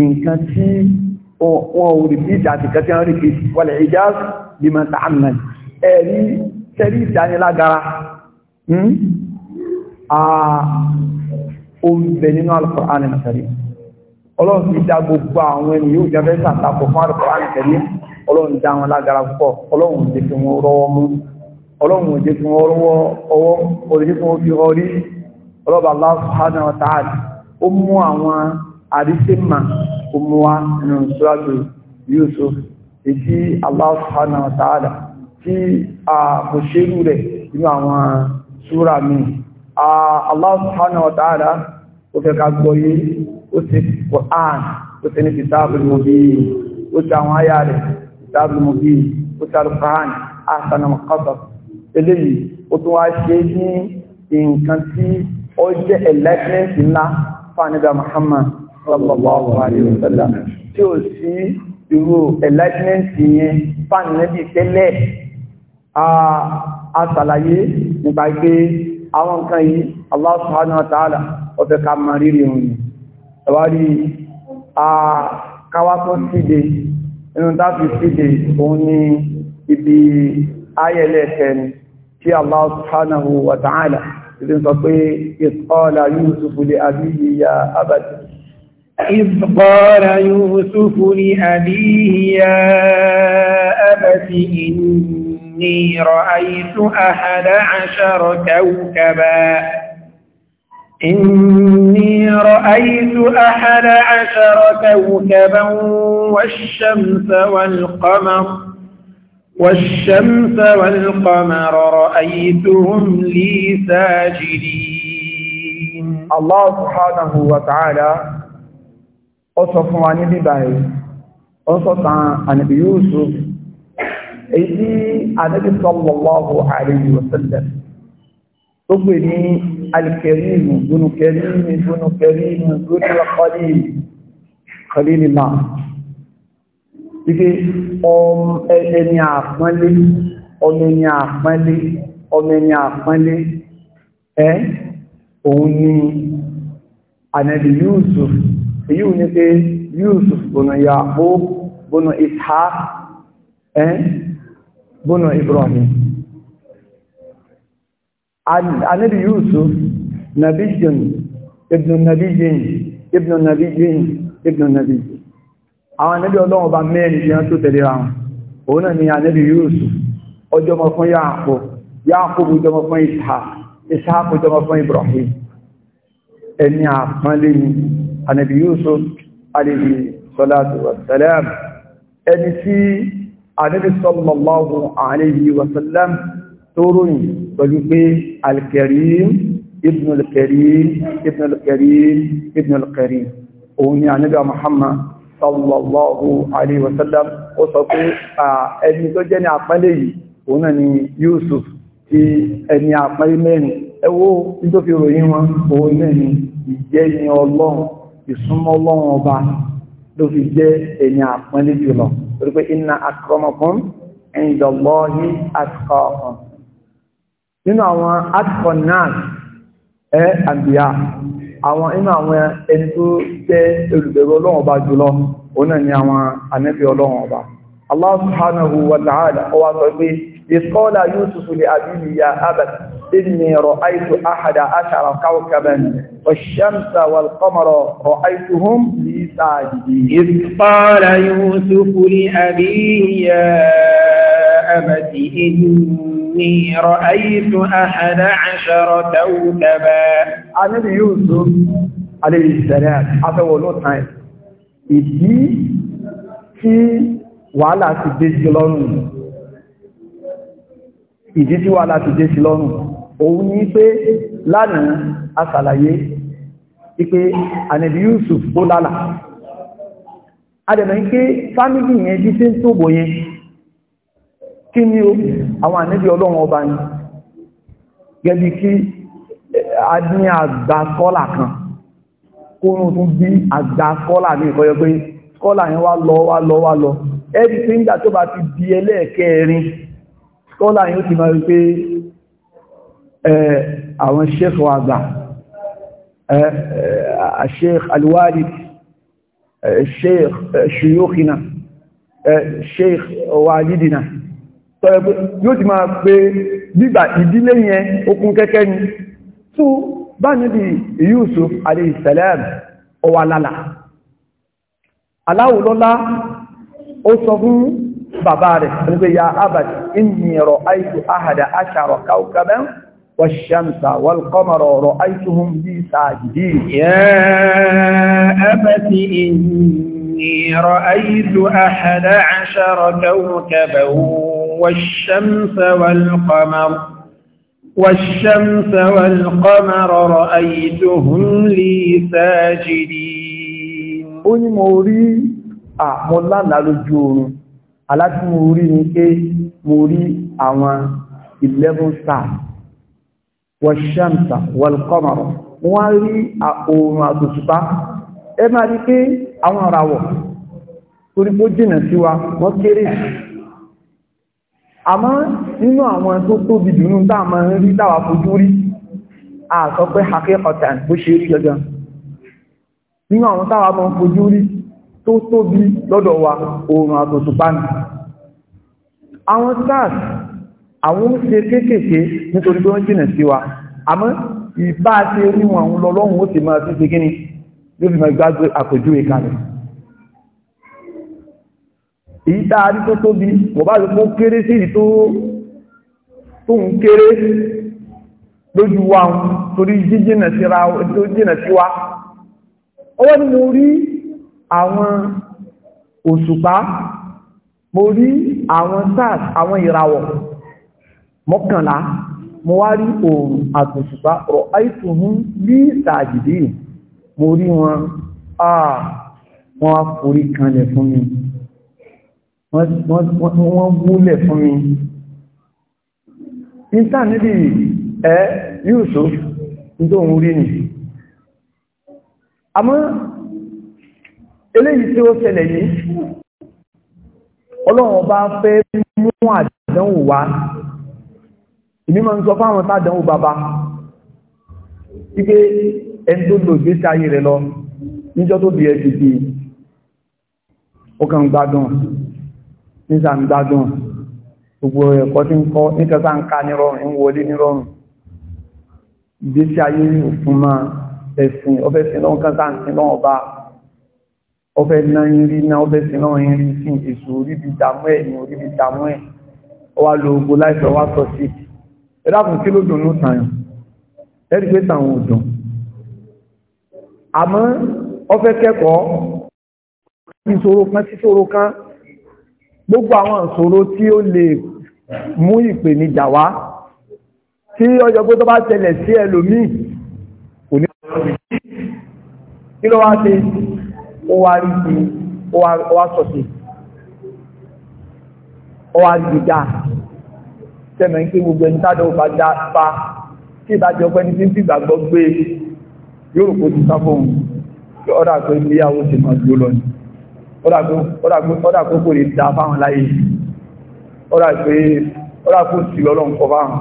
nǹkan tí wọ́n ò rí bídà àti kẹtí wọ́n rí bí wọlé ìjá bímọ̀ tààmì ẹ̀rí tẹ́rí ìdánilágara hmm? ó ń bẹ nínú Al-Qur'an ọlọ́run ti dá gbogbo àwọn ẹni yóò jẹ́ fún ọlọ́run dá wọn lágara ọlọ́run jẹ́ fi wọn rọwọ́ mú ọlọ́run jẹ́ fi wọn rọwọ́ ọwọ́ orí fún orí orí ọlọ́ba Allah subhanahu ó mú àwọn àrísẹ́mà nínú a kò ṣerú rẹ̀ nínú ó ti Quran ó ti ní kitabul mubin ó ti àwọn ayá rẹ̀ kitabul mubin ó ti alukuran ahsana qasas eléyìí ó tún wá ṣe ní nǹkan tí ó jẹ́ enlightenment ńlá fáànidà Muhammad sallallahu tàwárí àkáwà tó síde inú tàbí síde òun ní ibi ayẹlẹ́ẹ̀kẹ́ ni tí Allah subhanahu wa ta'ala ìdí sọ pé ìtọ́lá Yusuf lè àbíyí ya abàtì إذ قال يوسف لأبيه يا أبت إني رأيت أحد عشر كوكبا والشمس والقمر والشمس والقمر رأيتهم لي ساجدين الله سبحانه وتعالى أصفوا عن ابن باي عن أبي يوسف إذي النبي صلى الله عليه وسلم تبني الكريم بن كريم بن كريم بن قليل قليل الله Ike ẹni àpọ́nlé, ọmọ ẹni àpọ́nlé, ọmọ ẹni àpọ́nlé, ẹ́ òun ni ànàbì Yusuf, èyí ò ní pé Yusuf bọ̀nà Yaqub, bọ̀nà Ishaq, ẹ́ bọ̀nà Ibrahim. Ànábì Yusuf nàbíjìn ibn nàbíjìn ibn nàbíjìn ibn nàbíjìn àwọn ànábì ọlọ́run bá mẹ́rin jẹ́ tó tẹ̀lé ra wọn òun náà ni ànábì Yusuf ọjọ́mọ fún Yaakó Yaakó jọmọ fún Ishaq Ishaq jọmọ fún Ibrahim ẹni àpọ́nlé ni ànábì Yusuf alayhi salatu wassalam ẹni tí ànábì sallallahu alayhi wasallam tó ròyìn pẹ̀lú pé alkarim ibn alkarim ibn alkarim ibn alkarim òun ni àníbà Muhammad sallallahu alaihi wasallam ó sọ pé ẹni tó jẹ́ ní àpẹẹlẹ̀ yìí òun náà ni Yusuf ti ẹni àpẹẹlẹ̀ mẹ́rin ẹ wo tó fi ròyìn wọn òun náà ni ìjẹ́ ni ọlọ́run ìsúnmọ́ ọlọ́run ọba ló fi jẹ́ ẹni àpẹẹlẹ̀ jùlọ torí pé inna akramakum indallahi atqakum nínú àwọn atkonas ẹ àbíyá àwọn inú àwọn ẹni tó jẹ́ olùbẹ̀rù ọlọ́run ọba jùlọ òun ni àwọn ànábì ọlọ́run ọba Allah subhanahu wa ta'ala ọwá sọ pé ìsọ́lá Yusuf lè lè àbílì ya abad inni إني رأيت أحد عشر كوكبا النبي يوسف عليه السلام أفو لطعن ìdí tí wàhálà ti dé sí lọ́rùn ìdí tí wàhálà ti dé sí lọ́rùn òun ní pé lánàá asàlàyé ipé ànẹ̀bí Yusuf ó lálà adẹ̀mẹ̀ ń pé fámílì yẹn jí tí ń tóbò yẹn kí ni o àwọn àníbí ọlọ́run ọba ni gẹ́bí kí a ní àgbà skọ́là kan kó rún tún bí àgbà skọ́là ní ìkọ́yọ pé skọ́là yẹn wá lọ wá lọ wá lọ ẹbí tí ń gbà tó bá ti di ẹlẹ́ẹ̀kẹ́rin skọ́là yẹn ó ti máa rí pé àwọn sheikh wa gbà sheikh alwalid sheikh shuyukhina sheikh walidina tọ́rọ pé yóò ti máa pé gbígbà ìdílé yẹn okun kẹ́kẹ́ ni tó bá níbi Yusuf alayhi salam ọwà lálà aláwòlọ́lá ó sọ fún bàbá rẹ̀ nígbé ya abàtì inni ra'aytu ahada ashara kawkaban والشمس والقمر رأيتهم لي ساجدين يا أبت إني رأيت أحد عشر كوكبا والشمس والقمر والشمس والقمر رأيتهم لي ساجدين ó ní mo rí àmọ́lá lójú oorun aláti mo rí ní pé mo rí àwọn 11 stars والشمس والقمر wọ́n rí oorun àtòṣùpá ẹ máa rí pé àwọn àràwọ̀ torí bó jìnà sí wa wọ́n kéré àmọ́ nínú àwọn tó tóbi jù nínú táà máa ń rí táwà fojú rí àsọ pé hakẹ́kọ̀tà bó ṣe rí gangan nínú àwọn táwà máa ń fojú rí tó tóbi lọ́dọ̀ wa oòrùn àtòsùpáni àwọn stars àwọn oúnjẹ kéékèèké nítorí pé wọ́n jìnà sí wa àmọ́ ìbá rí wọn àwọn èyí tààrí tó tóbi wọ́n bá lè kó kéré sí ìtò tó ń kéré lójú wa ń torí jíjìnà sí wa ọwọ́ ni mo rí àwọn òṣùpá mo rí àwọn stars àwọn ìràwọ̀ mọ́kànlá mo wá rí oòrùn àtòṣùpá rọ̀ àìtùhún bí ìtàjìdì mo rí wọn àà ah, wọ́n á forí kanlẹ̀ fún mi wọ́n wúlẹ̀ fún mi. Ìta níbi ẹ̀ yóò só tó ń rí nì. Àmọ́ eléyìí tí ó ṣẹlẹ̀ yìí, Ọlọ́run bá fẹ́ mú àdánwò wá. Ìní máa ń sọ fáwọn tádánwò bàbá. Ipé ẹni tó lò gbé sáyé rẹ̀ lọ, níjọ́ tó bí ẹ̀ níta ń gbádùn gbogbo ẹ̀kọ́ tí ń kọ́ níkẹta ń ká nírọ̀rùn ń wọlé nírọ̀rùn ìgbésí ayé òfin máa ẹ̀sìn ọfẹ́ sí lọ́wọ́ kẹta ń sin lọ́wọ́ bá ọfẹ́ náà ń rí náà ọfẹ́ sí lọ́wọ́ ń rí sí èso oríbi dàmú ẹ̀ ní oríbi dàmú ẹ̀ ọwá lo ogbó láìsọ wá sọ sí ẹ̀dàkùn ìṣòro kan sí ìṣòro kan gbogbo àwọn ìṣòro tí ó lè mú ìpèníjà wá tí ọjọ́ pé tó bá tẹ̀lẹ̀ sí ẹlòmíì kò ní kí ló wá ṣe ó wá rí sí ó wá sọ̀tì ó wá dìjà gbogbo ẹni tádọ̀ pa tí ìbájọ́ pẹ́ ní tí ń fi ìgbàgbọ́ gbé yóò rò kó ti sá fóun ọ̀dà pé ìgbéyàwó ti máa dúró lọ ni ọ́dà kó kò lè dá fáwọn láyé ọ́dà pé ọ́dà kó sì lọ́lọ́n kọ fáwọn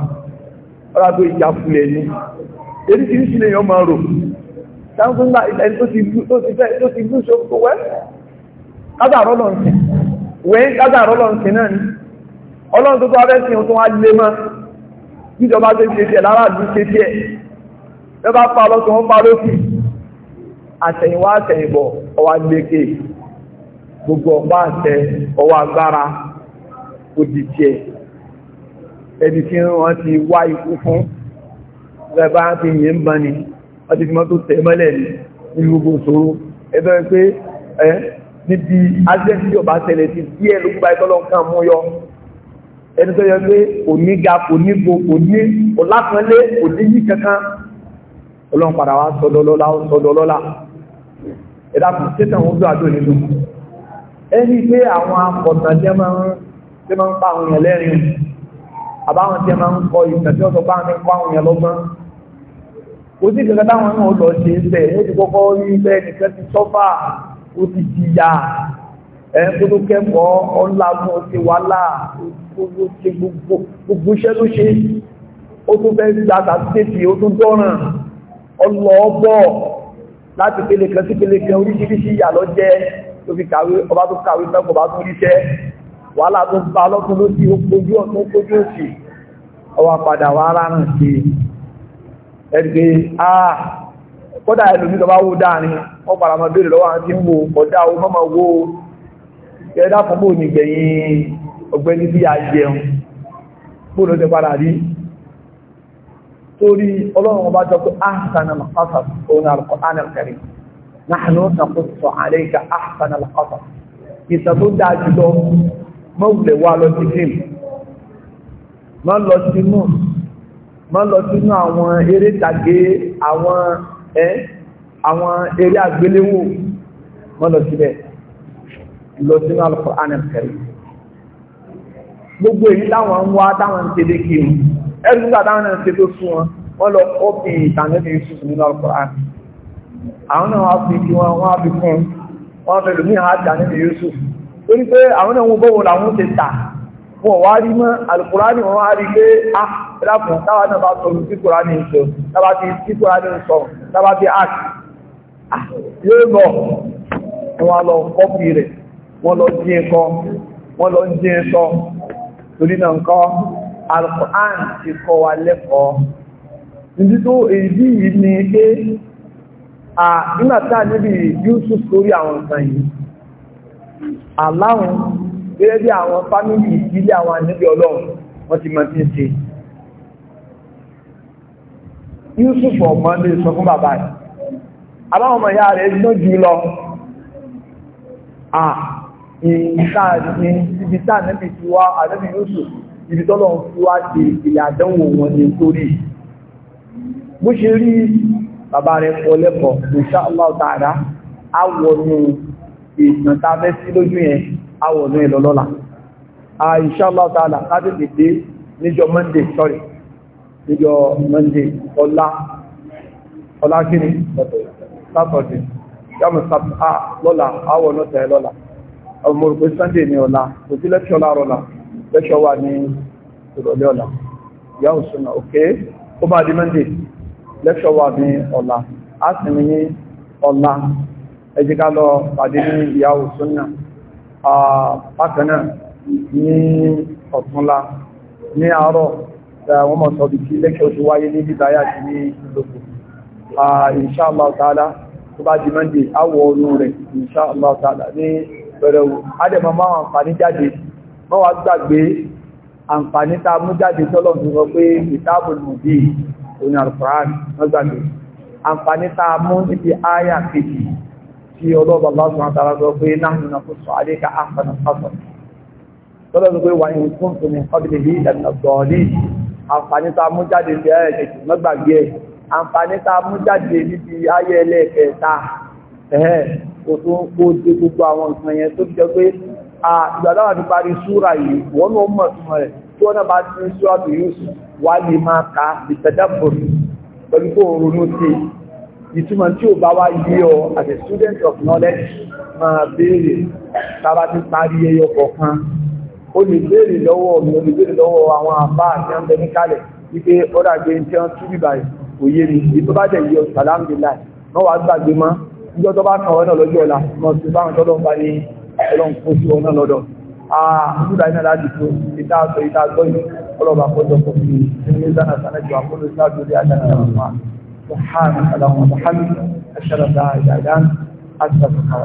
ọ́dà tó ìjà fúlẹ̀ ní èdè tí ń sí lè yọ máa rò sáńgbà ìlẹ̀ tó ti bú ṣokò wẹ́ kádàrọ́ lọ́nkẹ̀ wẹ́ kádàrọ́ lọ́nkẹ̀ náà ni ọlọ́run tó tó abẹ́ sí ohun tó wá lé mọ́ ìjọba tó ṣe tiẹ̀ lára àdúgbò ṣe tiẹ̀ lọ́ba pa ọlọ́sùn wọn pa lókì àtẹ̀yìnwá àtẹ̀yìnbọ̀ ọwà gbèkè gbogbo ọ̀pá àtẹ ọwọ́ agbára òdìtì ẹ̀ ẹni tí wọ́n ti wá ikú fún rẹ̀bá ti yìí ń bá ní ọdí tí wọ́n tó tẹ̀ mọ́lẹ̀ ní gbogbo ṣòro ẹgbẹ́ pé ẹ́ níbi azẹ́sí ọba tẹ̀lẹ̀ ti díẹ̀ lókùbá ìtọ́lọ́nkà mú yọ ẹni tó yẹ pé ọlọ́run padà wá sọdọ́lọ́lá sọdọ́lọ́lá ẹ̀dá kò tẹ́tàn ó dùn àjò nínú ẹni pé àwọn akọ̀tàn jẹ́ máa ń pa àwọn èèyàn lẹ́rin àbáwọn tí máa ń kọ ìtàn tí ó sọ báwọn ní kọ àwọn èèyàn lọ́gbọ́n kò sí ìkẹ̀kẹ́ táwọn náà lọ ṣe é bẹ̀ ó ti kọ́kọ́ rí bẹ́ẹ̀ nìkan ti sọ́fà ó ti jìyà ẹ̀yìn tó ló kẹ́kọ̀ọ́ ọ̀làmú ti wàhálà ó ti gbogbo iṣẹ́ ló ṣe ó tún fẹ́ gba àtàtìtì ó tún dọ́ràn ọlọ́ọ̀bọ̀ láti pele kan sí pele oríṣiríṣi ìyà tó fi kàwé ọba tó kàwé tẹ́kọ̀ bá tó ríṣẹ́ wàhálà tó bá lọ́tún ló sí ojú ọ̀tún ojú òsì ọwà padà wà rárùn sí ẹgbẹ́ àà kódà ẹlòmí lọ bá wó dáàrin wọ́n padà máa béèrè lọ́wọ́ àti ń wo ọ̀dá o mọ́mọ́ wo ẹ̀dá fún bò nígbẹ̀yìn ọ̀gbẹ́ni bí a jẹun bó ti padà rí torí ọlọ́run ọba jọ pé áhùn sanà pásà òun àrùkọ̀ ánẹ̀kẹ̀rẹ̀ نحن نقص عليك àhàn àlàkọ́tà ìtàn tó dáa jùlọ mọ́wùlẹ̀ wá lọ sí fíìmù má lọ sínú má lọ sínú àwọn eré tàgé àwọn ẹ́ àwọn eré àgbéléwò má lọ síbẹ̀ lọ sínú Al-Qur'an Al-Karim gbogbo èyí táwọn ń wá táwọn ń tẹ́lé kí wọn ẹ̀rù nígbà táwọn ń wọ́n lọ kọ́pì ìtànẹ́lẹ̀ Yusuf nínú Al-Qur'an àwọn náà wá fi nwa wọn wọ́n fi fún wọ́n fẹ́ lómi àádá níbi Yusuf ó ní pé àwọn náà wọ́n bọ́wọ́ làwọn ti tà wọ́n wá rí a rákùn ah, táwa náà bá sọ sí sọ táwa ti sí sọ táwa ti ask ah, yóò lọ wọ́n lọ kọ́pì rẹ̀ wọ́n lọ jí ẹ̀kọ́ wọ́n lọ jí ẹ̀sọ́ torí náà ń kọ́ ti kọ́ wa lẹ́kọ̀ọ́ nígbàtà níbi Yusuf lórí àwọn nǹkan yìí aláhùn gẹ́gẹ́ bí àwọn fámílì ìdílé àwọn àníbí ọlọ́run wọ́n ti mọ̀ tí ń ṣe Yusuf ọmọ lè sọ fún bàbá rẹ̀ àbáwọn ọmọ ìyá rẹ̀ gbọ́n jù lọ ibi tá àníbí ti wá àníbí Yusuf ibi tọ́lọ́run fi wá ti bàbá rẹ̀ kọ́ lẹ́kọ̀ọ́ insha Allah ta'ala àwọ̀nù ìtàn tá a fẹ́ sí lójú yẹn àwọ̀nù ìlọ́lọ́la insha Allah ta'ala láti tètè níjọ monday sorry níjọ monday ọlá ọlá kíni saturday yàmù sábà á lọ́la àwọ̀nù tẹ̀ lọ́la ọmọ òrùpé sunday ní ọ̀la kò sí lẹ́kṣọ́ láàrọ̀ la lẹ́kṣọ́ wà ní ìrọ̀lẹ́ ọ̀la yàwù súnà ok ó bá di monday lẹ́ṣọ́ wà ní ọ̀la a sì ní ọ̀la ẹ jẹ́ ká lọ pàdé ní ìyàwó súnà bákanáà ní ọ̀túnla ní àárọ̀ wọ́n mọ̀ sọ̀bí kí lẹ́ṣọ́ ti wáyé ní bíbáyà sí ní ìlòkù inshallah ta'ala tó bá di mọ́ndé àwọ̀ ọ̀run rẹ̀ inshallah ta'ala ní bẹ̀rẹ̀ wò adẹ̀mọ́ máa àǹfààní jáde mọ́ wá gbàgbé àǹfààní tá mú jáde tọ́lọ̀ fi sọ pé ìtàbùn mùbí oní alfààní mọ́gbàgbé àǹfààní tá a mú níbi àyà kejì tí ọlọ́ọ̀bà bá sọ àtàrà sọ pé náà nà kó sọ àdéka àǹfààní sọ́sọ̀ tọ́lọ́ sọ pé wà ní fún omi ọ̀bìnrin yìí ìdàgbà bọ̀ọ̀lì àǹfààní tá a mú jáde níbi àyà kejì mọ́gbàgbé ẹ̀ àǹfààní tá a mú jáde níbi àyà ẹlẹ́ẹ̀kẹta ẹ̀hẹ́ kò tó ń kó dé wà lè máa ka ìtẹ̀dàbọ̀rù pẹ̀lú kó ronú sí ìtumọ̀ tí ó bá wá yé ọ as a student of knowledge máa béèrè tàbá ti parí ẹyọ kọ̀ọ̀kan ó lè béèrè lọ́wọ́ mi ó lè béèrè lọ́wọ́ àwọn àbá àti ọ̀bẹ níkàlẹ̀ wípé ó dàgbé tí wọ́n tún bíbà kò yé mi èyí tó bá dẹ̀ yí ọ sàlámùdílà wọ́n wá gbàgbé mọ́ ìjọ tó bá kàn ọ́ náà lọ́jọ́ ọ̀la mọ̀ sí báwọn tọ́lọ́ ń bá ní ọlọ́run kó sí ọ náà lọ́dọ̀ àbúrò àyínà láti tó ìta àtọ̀ ìta àgbọ̀ yìí ọlọ́ba àkọ́jọ́ kò fi ní zana sanadu àkọ́lù sáájú orí àjà náà